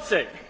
przewodniczącej!